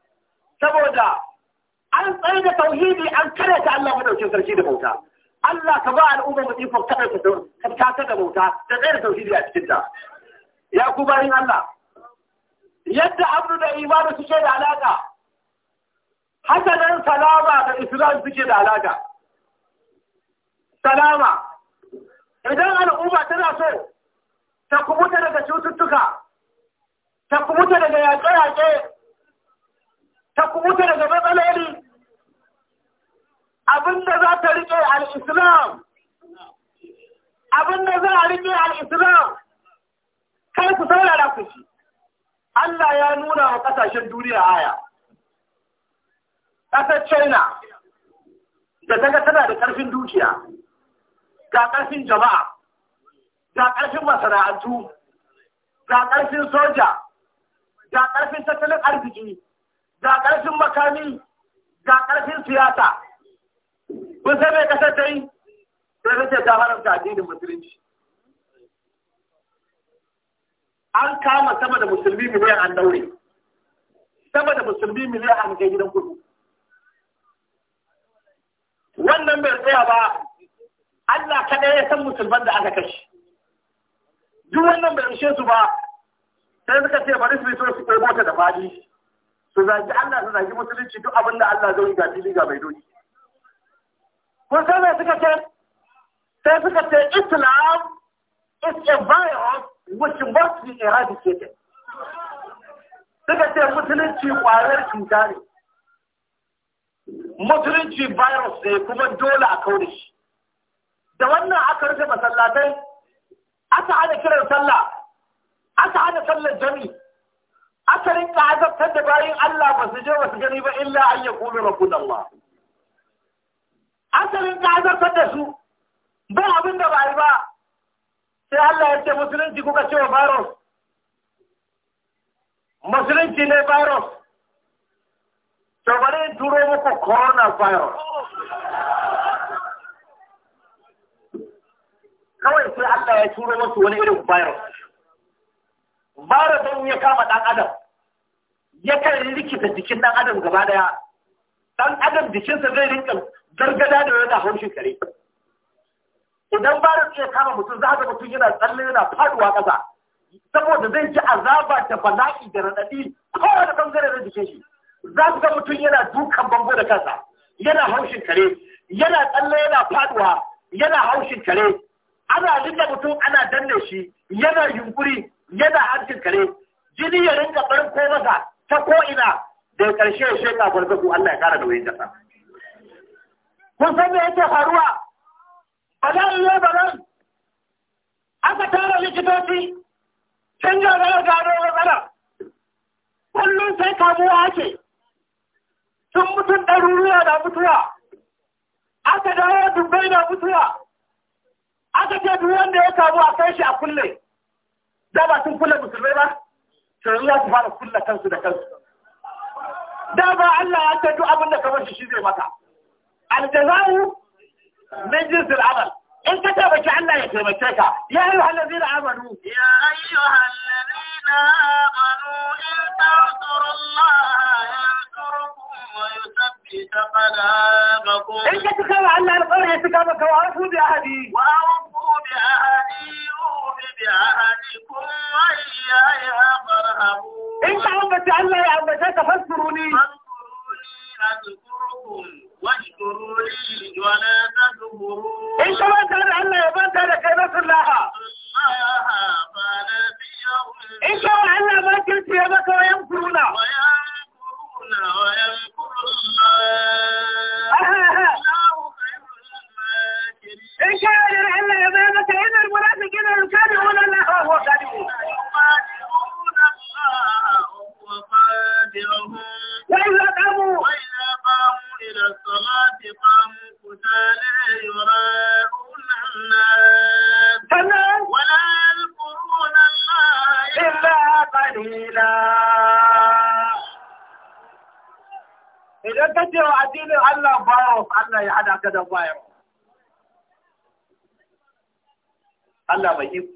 saboda an tsaye da tauhidi an ta Allah madaukin sarki da bauta Allah ka ba al'umma mu ikon karanta ta da bauta da tsaye da tauhidi a cikin ta ya ku bayin Allah yadda abdu da imanu suke da alaka hasanan salama da islam suke da alaka salama idan al'umma tana so ta kubuta daga cututtuka ta kubuta daga yaƙe-yaƙe ta kubuta daga matsaloli abinda za ta riƙe al'islam abinda za a riƙe al'islam kai ku saurara ku shi Allah ya nuna wa ƙasashen duniya aya ƙasar China da ta tana da ƙarfin dukiya ga ƙarfin jama'a ga ƙarfin masana'antu ga ƙarfin soja ga ƙarfin tattalin arziki ga ƙarfin makami ga ƙarfin siyasa kun sai mai kasar ta yi sai kace ta haramta addinin musulunci an kama sama da musulmi miliyan an daure sama da musulmi miliyan an kai gidan kudu wannan bai tsaya ba Allah kaɗai ya san musulman da aka kashe duk wannan bai rushe su ba sai suka ce bari su fito su ɗebo ta da fadi su zaki Allah su zaki musulunci duk abin da Allah zai ga fili ga mai doki kun san me suka ce sai suka ce Islam is a virus which must be eradicated suka ce musulunci kwayar cuta ne musulunci virus ne kuma dole a kaure shi da wannan aka rufe masallatai aka hana kiran sallah aka hana sallar jami'i asalin ka azabtar da bayan Allah ba su je ba su gani ba illa an ya kuma rabbun Allah asalin ka azabtar da su ba abin da ba yi ba sai Allah ya ce musulunci kuka ce wa virus musulunci ne virus to bari in turo muku virus. kawai sai Allah ya turo musu wani irin virus don ya kama ɗan adam ya yakan rikita jikin ɗan adam gaba ɗaya. ɗan adam jikinsa zai rinka gargada da yana haushin kare idan ba ya kama mutum za ga mutum yana tsalle yana faɗuwa ƙasa saboda zai ji azaba da bala'i da raɗaɗi kowane ɓangare na jikin shi za su ga mutum yana dukan bango da kansa yana haushin kare yana tsalle yana faɗuwa, yana haushin kare ana linda mutum ana danne shi yana yunkuri yana hancin kare jini ya rinka barko masa ta ko'ina da ƙarshe ya sheka gwarzaku Allah ya kara nauyin ƙasa. Kun san me yake faruwa? Bala'i ne balan. Aka tara likitoci sun ga ga matsala. Kullum sai kamuwa ake. Sun mutum ɗaruruwa na mutuwa. Aka dawo dubbai na mutuwa. Aka ce duk wanda ya kamu a kai shi a kulle. da ba sun kula musulmai ba yanzu za su fara kulla kansu da kansu da ba Allah ya ce duk abin da ka bashi shi zai maka aljaza'u min jinsil amal in ka taimaki Allah ya taimake ka ya ayyuhal ladina amanu ya ayyuhal ladina amanu in tansurullaha yansurkum wa yusabbit qadamakum in ka ci taimaki Allah alƙawari ya tuka maka wa rasul bi ahadi wa لعل أنك تفسرني mai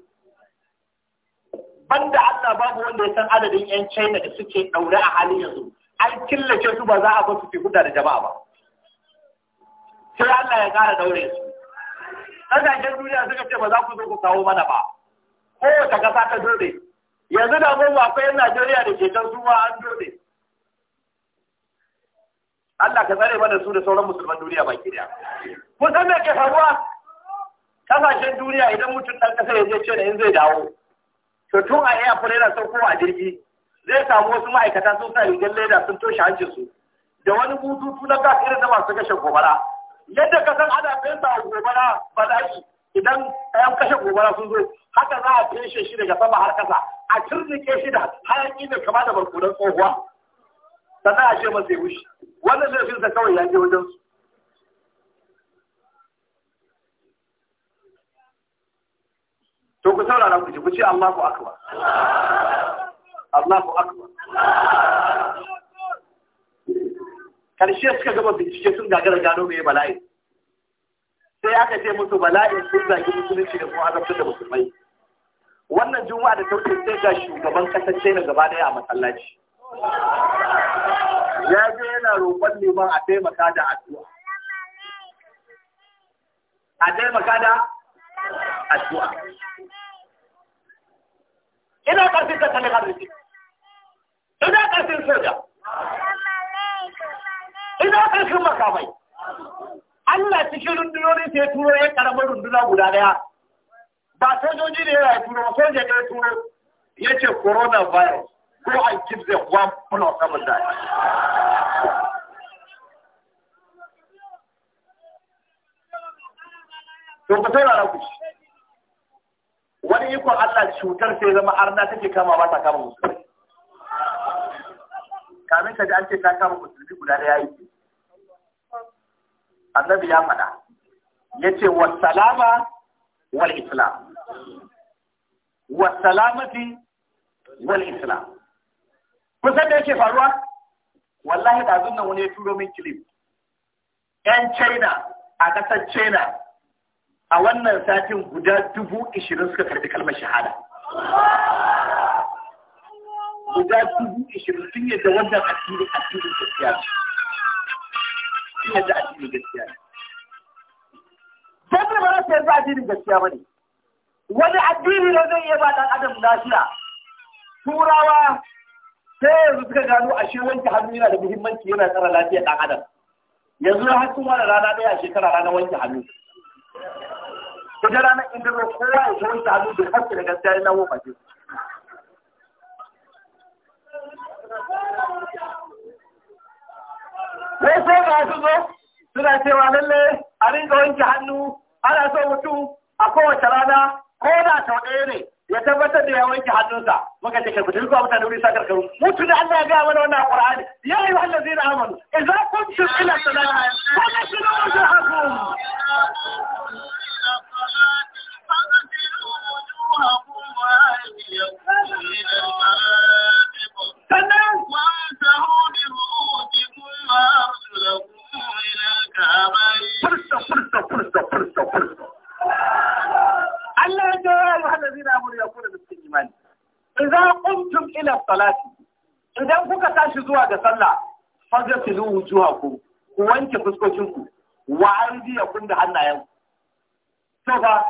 banda Allah babu wanda ya san adadin yan China da suke daure a halin yanzu an killace su ba za a ba su fi guda da jama'a ba sai Allah ya kara daure su kasashen duniya suka ce ba za ku zo ku kawo mana ba ta kasa ta dole yanzu da mun akwai yan Najeriya da ke can zuwa an dole Allah ka tsare mana su da sauran musulman duniya baki daya kun san me ke faruwa kasashen duniya idan mutum ɗan ƙasa ya je da in zai dawo to tun a afirai yana sauko a jirgi zai samu wasu ma'aikata sun sa rigar leda sun toshe hancinsu. da wani bututu na gas irin na masu kashe gobara yadda ka san ana fesa a gobara ba za shi idan ɗayan kashe gobara sun zo haka za a feshe shi daga sama har ƙasa a turnike shi da hayaƙi da kama da barkunan tsohuwa sannan a ce masa ya wuce wannan laifinsa kawai ya je wajensu. to ku saurara ku ji ku ce Allahu akbar Allahu akbar karshe suka gama bincike sun gagara gano mai bala'i sai aka ce musu bala'i sun zagi musulunci da kuma azabtar da musulmai wannan juma'a da tauke sai ga shugaban kasar China gaba daya a masallaci ya je yana roƙon neman a taimaka da addu'a a taimaka da addu'a ina ƙarfin tattalin arziki ina ƙarfin soja ina ƙarfin makamai Allah cikin rundunonin sai turo ya karamar runduna guda daya ba sojoji ne ya turo soja ne ya turo ya ce coronavirus go and give them one plus seven die to ku sai ra ku wani ikon Allah cutar sai zama arna take kama ba ta kama musulmi kamin ka ji an ce ta kama musulmi guda da yayi ce annabi ya faɗa ya ce wa salama wal islam wa salamati wal islam kusan da yake faruwa wallahi da zunnan wani ya turo min kilif yan china a ƙasar china a wannan satin guda dubu ishirin suka karbi kalmar shahada guda dubu ishirin sun yadda wannan addini addini gaskiya sun yadda addini gaskiya don da ba za su addinin gaskiya ba ne wani addini ne zai iya ba ɗan adam lafiya turawa sai yanzu suka gano ashe wanke hannu yana da muhimmanci yana tsara lafiyar ɗan adam yanzu har sun ware rana ɗaya a shekara rana wanke hannu wata ranar inda gano kowa ya shi wanke hannu bai haske da gaskiya na wo mace sai sai ga su zo suna cewa lalle a rinka wanke hannu ana so mutum a kowace rana ko da sau ɗaya ne ya tabbatar da ya wanke hannunsa muka ce ka fitil ko mutane wuri sa karu mutu da Allah ya ga mana wannan Qur'ani ya ayu allazina amanu idza kuntum ila salati fa la tunawu idan kuka zuwa wujuhakum ku wanke fuskokinku wa aydiyakum da hannayenku to fa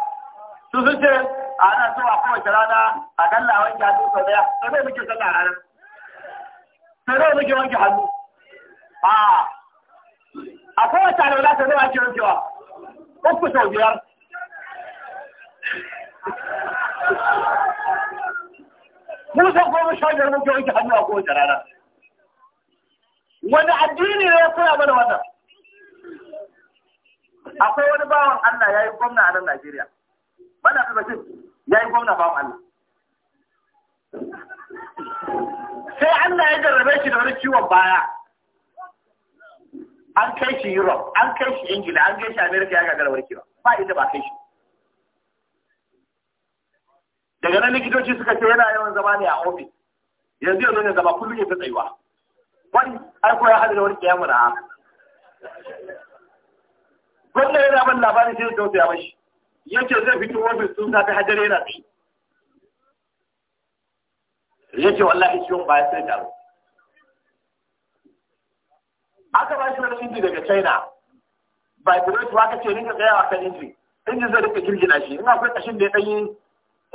su sun ce a nan so a kowace rana a kalla wanke hannu sau daya sai zai muke sallah a ranar sai bai muke wanke hannu a a kowace rana sai bai ake wankewa uku sau biyar mun san goma sha biyar muke wanke hannu a kowace rana wani addini ne ya koya mana wannan akwai wani bawan Allah ya yi gwamna a nan Najeriya Malam Abubakar ya yi gwamna ba Allah. Sai Allah ya jarrabe shi da wani ciwon baya. An kai shi Europe, an kai shi Ingila, an kai shi Amerika ya gagara warkewa. Ba inda ba kai shi. Daga nan likitoci suka ce yana yawan zama ne a ofis. Yanzu yanzu ne zama kullum ya fi tsayuwa. Wani ai ya hada da wani kiyamu na. Gwamna yana ban labarin sai ya tausaya mashi. yake zai fito ofis sun sa ta hajjare na tsaye yace wallahi ciwon ba sai da aka ba shi wani inji daga china ba ku rai aka ce rinka tsaya a kan inji inji zai rika girgina shi in akwai kashin da ya ɗanyi in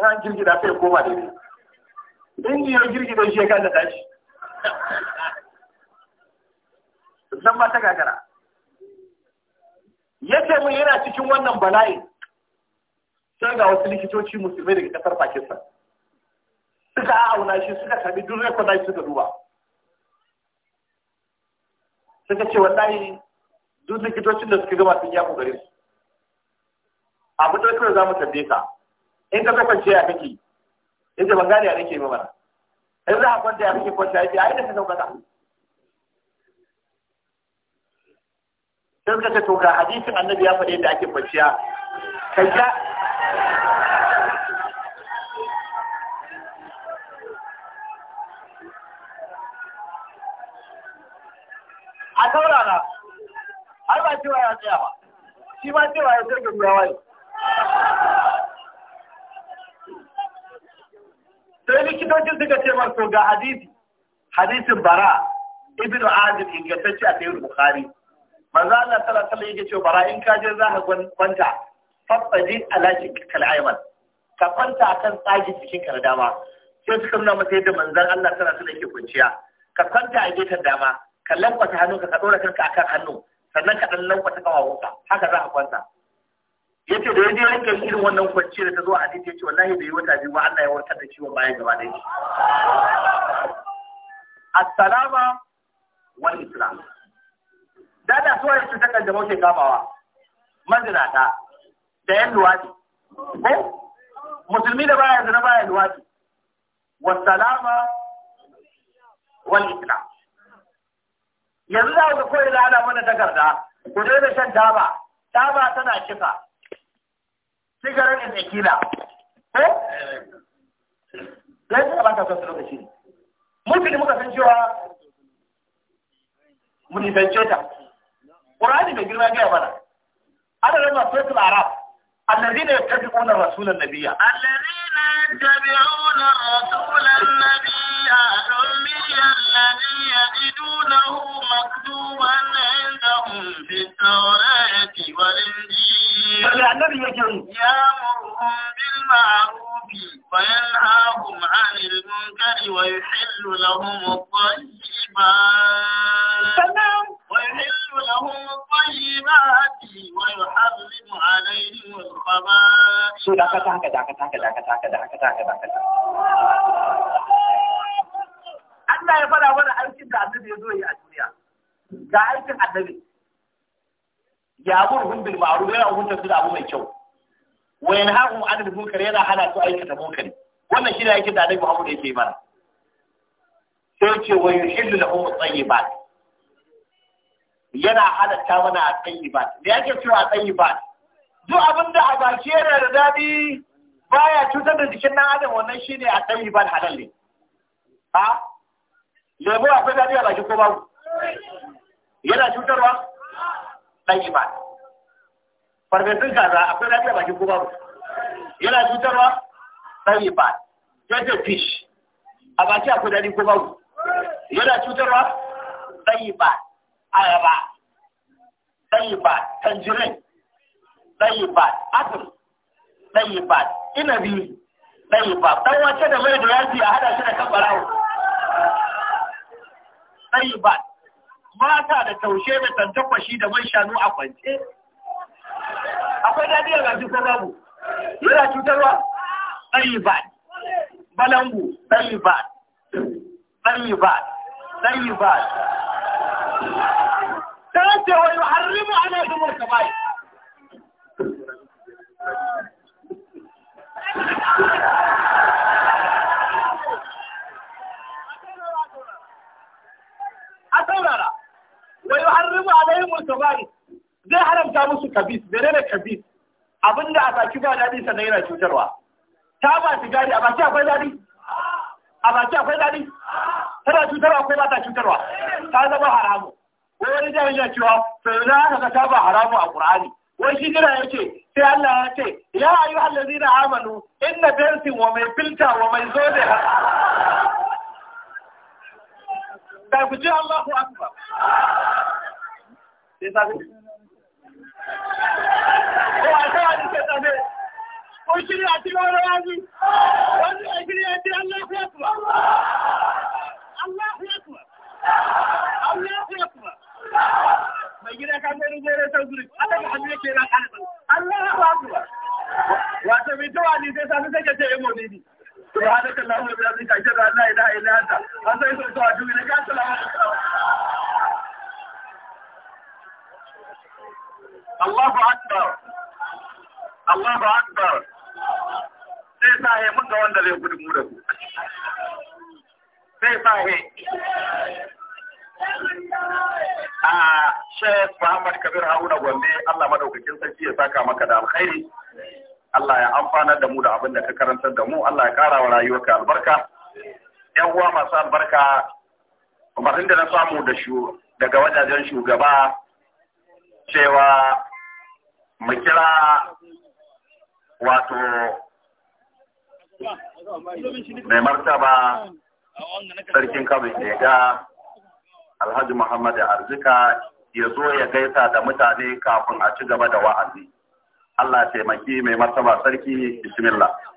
an girgina sai koma da shi inji ya girgina shi ya kan da tashi Zan ba ta gagara ya ce mun yana cikin wannan bala'in sai ga wasu likitoci musulmai daga kasar Pakistan suka auna shi suka tabi duk rekoda shi suka duba suka ce wallahi duk likitocin da suka gama sun yi gare su abu da kawai za mu tambaye ka in ka ce ya kake in ban gane ya nake ba mana in za a kwanta ya kake kwanta ya ce ai da ka saukata sai suka ce to ga hadisin annabi ya faɗi yadda ake kwanciya ka a taurara har cewa ya shi ma cewa ya sai sai likitoci suka ce masu ga hadisi hadisin bara ibn azib ingantacci a da bukhari manzo Allah sallallahu alaihi wasallam yake cewa bara in ka je za ka kwanta fabbajin alashin kakal aiman ka kwanta kan tsagi cikin ka dama sai suka nuna masa yadda manzan Allah tana suna ke kwanciya ka kwanta a gefen dama ka lankwata hannunka ka ɗora kanka a kan hannu sannan ka ɗan lankwata ƙafafunka haka za ka kwanta ya ce da ya je ya rinka irin wannan kwanci da ta zo a hadisi ya ce wallahi bai yi wata biyu ba Allah ya warkar da ciwon bayan gaba ɗaya assalama wal islam Dada suwa suwaye su takan da mauke kamawa ta. da yan luwaɗi ko musulmi da baya na baya Wa salama wal islam yanzu za ku koyi da ana mana takarda ku daina shan taba taba tana kisa sigarin is ekila ko yanzu ba ta son lokaci ne mulkin muka san cewa mun nisance ta Qur'ani mai girma gaya mana adadin masu sosul Arab الذين يتبعون الرسول النبي الذين يتبعون الرسول النبي الأمي الذي يجدونه مكتوبا عندهم في التوراة والإنجيل يأمرهم بالمعروف وينهاهم عن المنكر ويحل لهم الطيبات ويحل لهم الطيبات ويحرم عليهم الخبائث dakata haka dakata haka dakata haka dakata haka dakata Allah ya fara mana aikin da annabi ya zo yi a duniya ga aikin annabi ya burhun bil ma'ruf yana hukunta su da abu mai kyau Wayan haƙun 'anil munkar yana hana su aikata munkari wannan shi ne aikin da annabi Muhammad yake yi mana sai ce wa yuhillu lahum at-tayyibat yana halatta mana a tsayi ba da yake cewa a tsayi ba duk abin da a baki yana da daɗi baya cutar da jikin nan adam wannan shine a tsayi ba halal ne a lebo akwai daɗi a baki ko babu yana cutarwa tsayi ba farfesun kaza akwai daɗi a baki ko babu yana cutarwa tsayi ba yadda fish a baki a daɗi ko babu yana cutarwa tsayi ba ayaba ɗayibat tanjirin ɗayibat apple ɗayibat inabi ɗayibat ɗan wace da mai da yaji a hada shi da kan ɓarawo ɗayibat mata da taushe da tantakwashi da man shanu a kwance akwai daɗi a gaji ko babu yana cutarwa ɗayibat balangu ɗayibat ɗayibat ɗayibat تاتي ويحرم على جمهور الكبائر ويحرم عليهم الكبائر زي حرم جاموس كبيس زي كبيس أبن لها باكي بها لدي سنينا شجروا تابا سجاري أباكي أبا لدي أباكي أبا لدي هنا شجروا أبا لدي شجروا تازم حرامو ko wani da yana cewa sai na aka ga ba haramu a Qur'ani wai shi kira yace sai Allah ya ce ya ayu allazina amanu inna dansin wa mai filta wa mai zobe da ku ji Allahu akbar sai sabi ko a ta ni sai sabi ko shi ya ci wani yaji wani ya kiri ya ce Allahu akbar Allahu akbar Allahu akbar mai gida ka sai zai ta zuri Allah ba hannu yake ran alba Allah ba ku ba wato mai tawa ni sai sai sai ce eh maulidi subhanaka allahumma wa bihamdika ashhadu an la ilaha illa anta asai so tawa duk ne ka salamu Allahu akbar Allahu akbar sai sa he mun ga wanda zai gudu mu da ku sai sa he a Sheikh Muhammad Kabir Haruna Gombe Allah madaukakin sarki ya saka maka da alkhairi Allah ya amfana da mu da abin da ka karantar da mu Allah ya kara wa rayuwarka albarka yan uwa masu albarka umarnin da na samu da shu daga wajajen shugaba cewa mu kira wato mai martaba sarkin kabin da ya ga alhaji muhammad arzika ya zo ya gaisa da mutane kafin a ci gaba da wa'azi allah taimaki mai martaba sarki bismillah